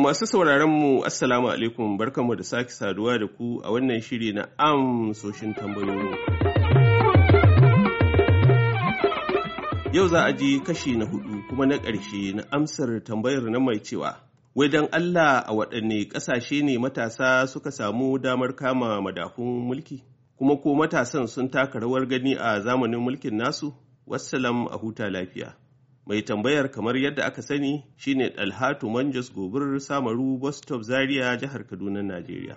masu sauraron mu assalamu alaikum barkamu da sake saduwa da ku a wannan shiri na amsoshin tambayoyi. Yau za a ji kashi na hudu kuma na ƙarshe na amsar tambayar na mai cewa, wai don Allah a waɗanne ƙasashe ne matasa suka samu damar kama madafun mulki, kuma ko matasan sun taka rawar gani a zamanin mulkin nasu, wassalam a huta lafiya. mai tambayar kamar yadda aka sani shine dalhatu manjas gobir samaru bostop zaria jihar kaduna najeriya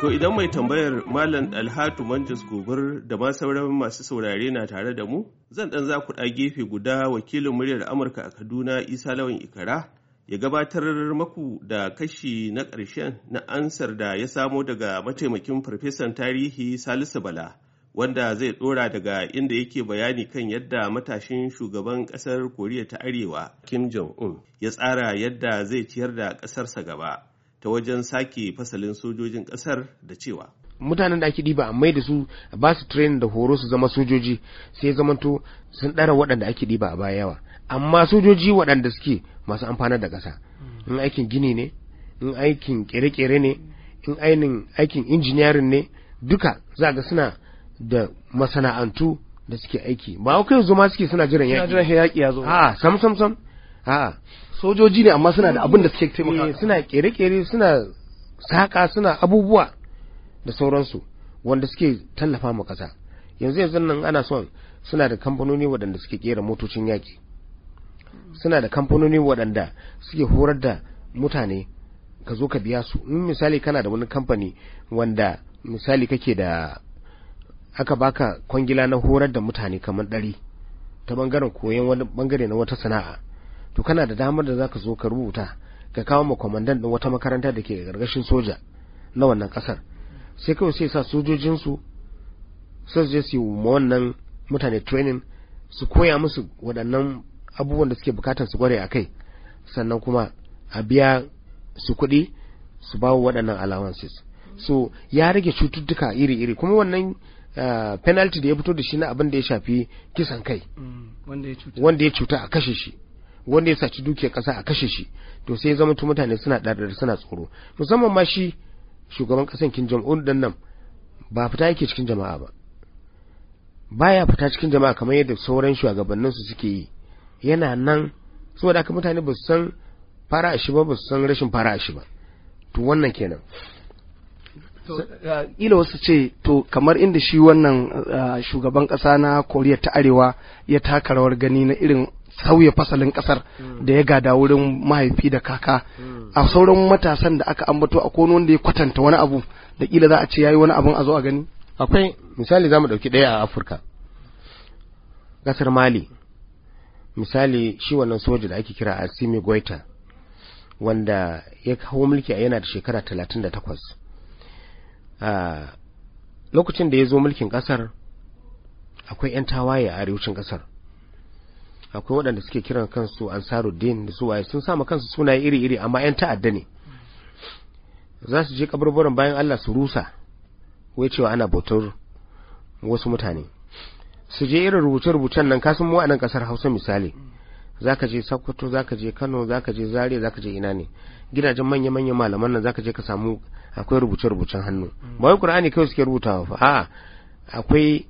To idan mai tambayar Malam dalhatu Manjus Gobir da ma sauran masu saurare na tare da mu, zan ɗan za ku gefe guda wakilin muryar Amurka a Kaduna Isa Lawan Ikara ya gabatar maku da kashi na ƙarshen na ansar da ya samo daga mataimakin farfesan tarihi Salisu Bala wanda zai dora daga inda yake bayani kan yadda matashin shugaban kasar koriya ta arewa kim jong-un ya tsara yadda zai ciyar da kasarsa gaba ta wajen sake fasalin sojojin kasar da cewa mutanen da ake ɗiba mai da su ba su train da horo su zama sojoji sai zamanto sun ɗara waɗanda ake ɗiba a baya yawa amma sojoji waɗanda suke masu amfana da ƙasa in aikin gini ne in aikin kere-kere ne in ainin aikin injiniyarin ne duka za ga suna da masana'antu da suke aiki ba kai yanzu ma suke suna jiran yaƙi jiran yaƙi ya zo ah, sam sam sam a ah. sojoji ne amma suna da eh, abin da suke taimaka eh, suna kere-kere suna saƙa suna abubuwa da sauransu wanda suke tallafa ma ƙasa yanzu yanzu nan ana son suna da kamfanoni waɗanda suke kera motocin yaƙi suna da kamfanoni waɗanda suke horar da mutane ka zo ka biya su in misali kana da wani kamfani wanda misali kake da aka baka kwangila na horar da mutane kamar ɗari ta bangaren koyon wani bangare na wata sana'a to kana da damar da zaka zo ka rubuta ka kawo ma kwamandan ɗin wata makaranta da ke gargashin soja na wannan ƙasar sai kawai sai sa sojojinsu sai su je su yi ma wannan mutane training su koya musu waɗannan abubuwan da suke bukatar su gware a kai sannan kuma a biya su kuɗi su bawo waɗannan allowances so ya rage cututtuka iri-iri kuma wannan Eh, penalty da ya fito da shi na abin da ya shafi kisan kai mm, wanda ya cuta a kashe shi wanda ya saci dukiyar kasa a kashe shi to sai ya zama mutane suna ɗarɗar suna tsoro musamman ma shi shugaban kasan kin jam'un dan nan ba fita yake cikin jama'a ba baya fita cikin jama'a kamar yadda sauran shugabannin su suke yi yana nan saboda haka mutane ba su san fara shi ba ba su san rashin fara shi ba to wannan kenan Uh, ila wasu ce to kamar inda shi wannan uh, shugaban kasa na koriya ta arewa ya taka rawar gani na irin sauya fasalin kasar hmm. da ya gada wurin mahaifi da kaka hmm. a sauran matasan da aka ambato a kono wanda ya kwatanta wani abu da kila za a ce yayi wani abun a zo a gani akwai misali za mu ɗauki ɗaya a afirka ƙasar mali misali shi wannan soja da ake kira asimi goita wanda ya kawo mulki a yana da shekara talatin da takwas Ah, lokacin da ya zo mulkin ƙasar akwai 'yan tawaye a arewacin ƙasar akwai waɗanda suke kiran kansu ansaruddin da su waye sun sama kansu sunaye iri-iri amma 'yan ta'adda ne za su je kaburburan bayan Allah su rusa wai cewa ana bautar wasu mutane su je irin rubuce-rubucen nan kasan mu a kasar Hausa misali za ka je Sokoto ka je Kano za ka je Zaria ka je ina ne gidajen manya manya malaman nan za ka je ka samu akwai rubuce-rubucen hannu ba wai qur'ani kawai suke rubutawa ba a'a akwai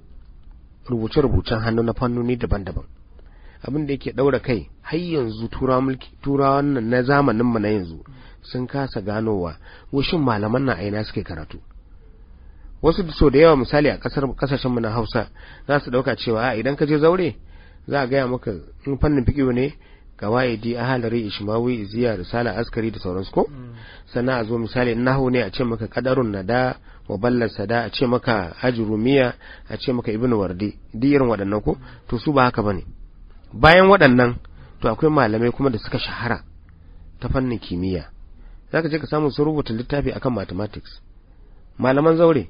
rubuce-rubucen hannu na fannoni daban-daban abin da yake ɗaura kai har yanzu turawan nan na zamanin mu na yanzu sun kasa ganowa wushin malaman na aina suke karatu wasu so da yawa misali a kasar kasashen mu na Hausa za su dauka cewa idan ka je zaure za a gaya maka in fannin fiqh ne kawaidi ahalari ishmawi ziya risala askari da sauransu ko mm. sannan a zo misali nahu ne a ce maka kadarun nada wa ballar sada a ce maka ajrumiya a ce maka ibnu wardi di irin waɗannan ko mm. to su ba haka bane bayan waɗannan to akwai malamai kuma da suka shahara ta fannin kimiyya zaka je ka samu sun rubuta littafi akan mathematics malaman zaure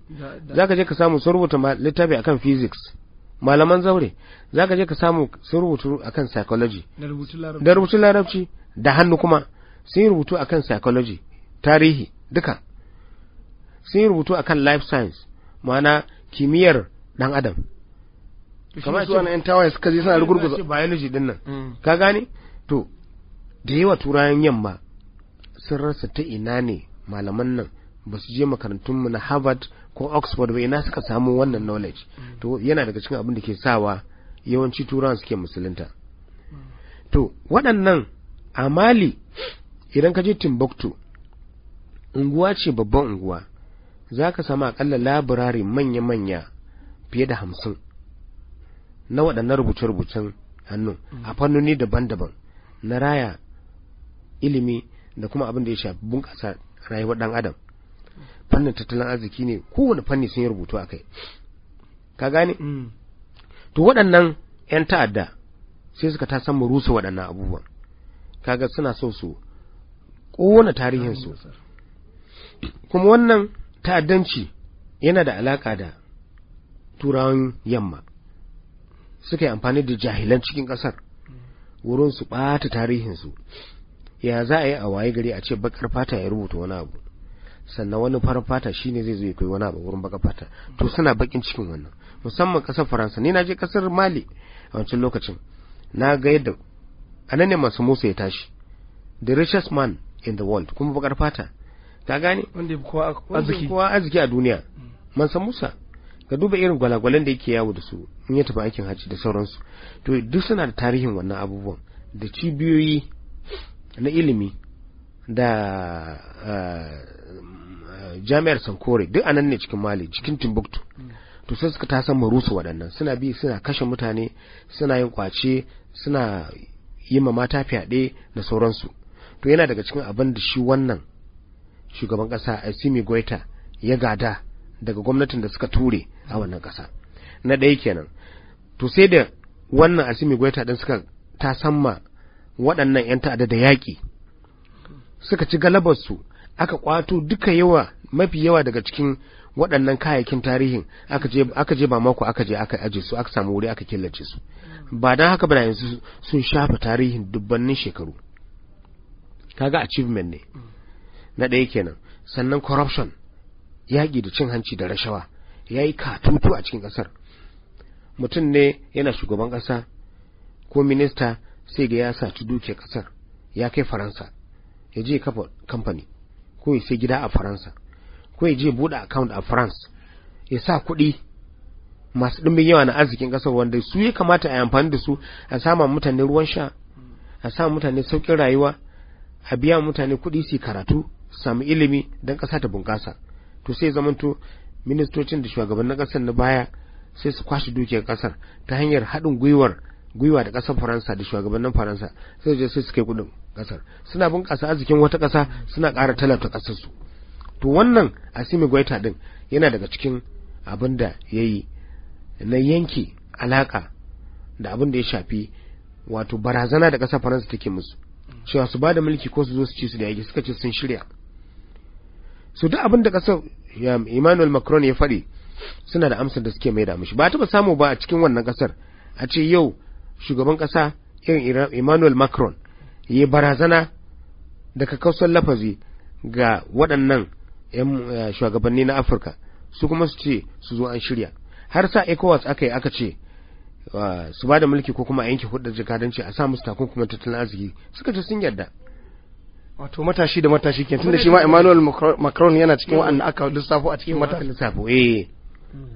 zaka je ka samu sun rubuta littafi akan physics malaman zaure za ka je ka samu sun rubutu akan psychology da rubutun larabci da hannu kuma sun rubutu akan psychology tarihi duka sun rubutu akan life science ma'ana kimiyyar dan adam kamar su wani 'yan tawaye suka je suna rugurguza biology din nan mm. ka gane to da yawa turayen yamma sun rasa ta ina ne malaman nan ba su je makarantunmu na harvard ko oxford ba ina suka samu wannan knowledge to yana daga cikin abin da ke sawa yawanci turawan suke musulunta to waɗannan a mali idan ka je timbuktu unguwa ce babban unguwa za ka samu aƙalla laburare manya-manya fiye da hamsin na waɗannan rubuce-rubucen hannu a fannoni daban-daban na raya ilimi da kuma abin da ya shafi bunƙasa rayuwar ɗan adam fannin tattalin arziki ne kowane fanni sun yi rubutu a kai ka gane mm. to waɗannan 'yan ta'adda sai suka ta san waɗannan abubuwan kaga suna so su ƙona tarihinsu kuma wannan ta'addanci yana da alaka da turawan yamma suka yi amfani da jahilan cikin ƙasar wurin su ɓata tarihinsu ya za a yi a waye gari a ce bakar fata ya rubuta wani abu sannan wani farin fata shine zai zo ya kai wani abu wurin baka fata to suna bakin cikin wannan musamman kasar faransa ni na je kasar mali a wancan lokacin na ga yadda anan ne masu musa ya tashi the richest man in the world kuma bakar fata ta gane wanda kowa arziki kowa arziki a duniya mm. mansa musa ka duba irin gwalagwalan da yake yawo da su in ya tafi aikin hajji da sauransu to duk suna da tarihin wannan abubuwan da cibiyoyi na ilimi da ah, jami'ar sankore duk anan ne cikin mali cikin timbuktu to sai suka tasan marusu waɗannan suna bi suna kashe mutane suna yin kwace suna yi ma mata fyaɗe da sauransu to yana daga cikin abin da shi wannan shugaban ƙasa Asimi Goita ya gada daga gwamnatin da suka ture a wannan kasa na ɗaya kenan to sai da wannan Asimi Goita din suka ma waɗannan 'yan ta'adda da yaƙi suka ci galabarsu aka kwato duka yawa mafi yawa daga cikin waɗannan kayayyakin tarihin aka je ba mako aka je aka aje su aka samu wuri aka killace su ba don haka bana yanzu sun shafa tarihin dubbannin shekaru kaga achievement ne na ɗaya kenan sannan corruption yaƙi da cin hanci da rashawa ya yi katutu a cikin ƙasar mutum ne yana shugaban ƙasa ko minista sai ga ya saci duke ƙasar ya kai faransa ya je kafa kamfani ko ya sai gida a faransa ko ya je buɗe account a france ya sa kuɗi masu ɗumbin yawa na arzikin ƙasar wanda su ya kamata a amfani da su a sama mutane ruwan sha a sa mutane sauƙin rayuwa a biya mutane kuɗi su karatu samu ilimi don ƙasa ta bunƙasa to sai zamanto ministocin da shugabannin ƙasar na baya sai su kwashe dukiyar ƙasar ta hanyar haɗin gwiwar gwiwa da kasar faransa da shugabannin faransa sai je sai suke kudin kasar suna bunƙasa arzikin wata kasa suna ƙara talata kasarsu su to wannan asimi gwaita din yana daga cikin abin da ya yi na yanke alaƙa da abin da ya shafi wato barazana da ƙasar faransa take musu cewa su ba da mulki ko su zo su ci su da yaƙi suka ce sun shirya su duk abin da ƙasar emmanuel macron ya faɗi suna da amsar da suke mai da mishi ba taɓa samu ba a cikin wannan kasar a ce yau shugaban ƙasa irin Emmanuel Macron ya barazana daga kakkausar lafazi ga waɗannan eh, shugabanni na Afirka su kuma su ce su zo an shirya har sa ECOWAS aka yi aka ce su ba da mulki ko kuma a yanke hudar jakadanci a sa musu takunkumin tattalin arziki suka ce sun yarda wato matashi da matashi ke da shi ma Emmanuel Macron yana cikin wa'anda aka lissafo a cikin matashi lissafo eh hmm.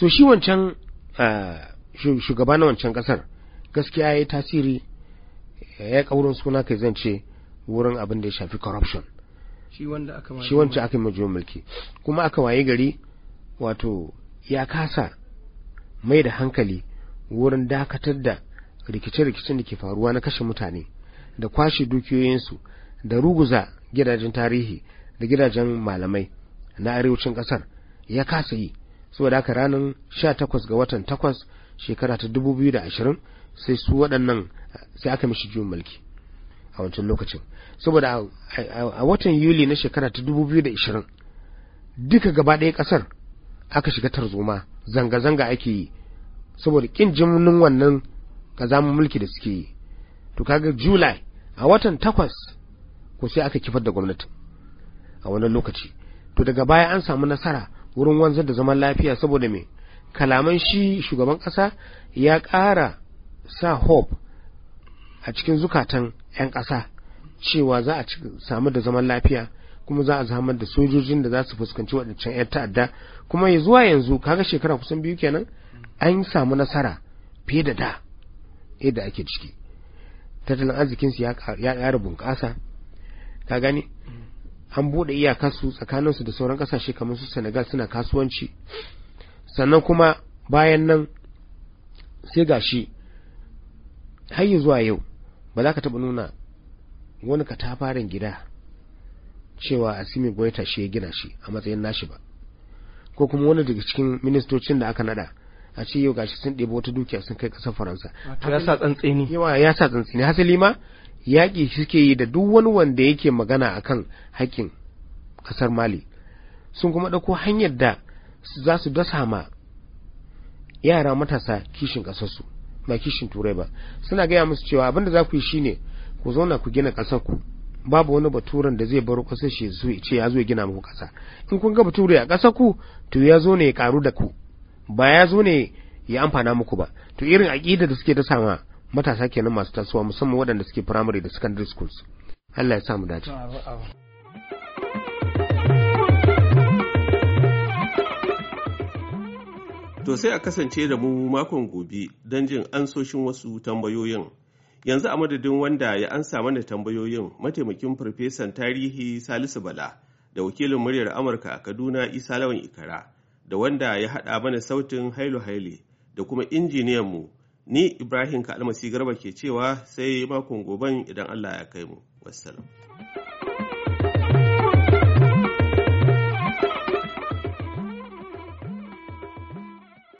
so shi wancan ah, shugaba na wancan kasar gaskiya ya yi tasiri ya kaurin suna kai zan ce wurin abin da ya shafi corruption shi wanda aka yi majiyar mulki kuma aka waye gari wato ya kasa mai da hankali wurin dakatar da rikice-rikicen da ke faruwa na kashe mutane da kwashe dukiyoyinsu da ruguza gidajen tarihi da gidajen malamai na arewacin kasar ya kasa yi saboda haka ranar 18 ga watan 8 shekara ta 2020 sai su waɗannan sai aka mishi juyin mulki a wancan lokacin saboda a watan yuli na shekara ta 2020 duka gaba ɗaya ƙasar aka shiga tarzoma zanga-zanga ake yi saboda ƙin jimnin wannan ƙazamin mulki da suke yi to kaga july a watan takwas ko sai aka kifar da gwamnati a wannan lokaci to daga baya an samu nasara wurin wanzar da zaman lafiya saboda me kalaman shi shugaban ƙasa ya ƙara sa hope a cikin zukatan 'yan ƙasa cewa za a samu da zaman lafiya kuma za a samar da sojojin da za su fuskanci waɗancan 'yan ta'adda kuma ya zuwa yanzu kaga shekara kusan biyu kenan an samu nasara fiye da da yadda ake ciki tattalin arzikinsu ya ƙara bunƙasa ka gani an buɗe iyakarsu tsakaninsu da sauran ƙasashe kamar su senegal suna kasuwanci sannan kuma bayan nan sai gashi har zuwa yau ba za ka taɓa nuna wani katafaren gida cewa asimi goyita shi ya gina shi a matsayin nashi ba ko kuma wani daga cikin ministocin da aka nada a ce yau gashi sun ɗebo wata dukiya sun kai ƙasar faransa ya sa tsantseni ya sa hasali ma yaƙi suke yi da duk wani wanda yake magana a kan haƙƙin ƙasar mali sun kuma ɗauko hanyar da za su dasa ma yara matasa kishin ƙasarsu ba kishin turai ba suna gaya musu cewa abin da za ku yi shine ku zauna ku gina ƙasar ku babu wani baturen da zai baro ƙasar shi su ce ya zo ya gina muku ƙasa in kun ga bature a ƙasar ku to ya zo ne ya karu da ku ba ya zo ne ya amfana muku ba to irin aƙida da suke dasa ma matasa kenan masu tasowa musamman waɗanda suke firamare da secondary schools Allah ya samu mu dace To sai a kasance da mu makon gobe don jin ansoshin wasu tambayoyin. Yanzu a madadin wanda ya ansa mana tambayoyin mataimakin farfesan tarihi Salisu Bala da wakilin muryar Amurka a Kaduna Isa Lawan Ikara da wanda ya haɗa mana sautin Hailu Haile da kuma injiniyan mu ni Ibrahim Kalmasi Garba ke cewa sai makon goben idan Allah ya kai mu. Wassalam.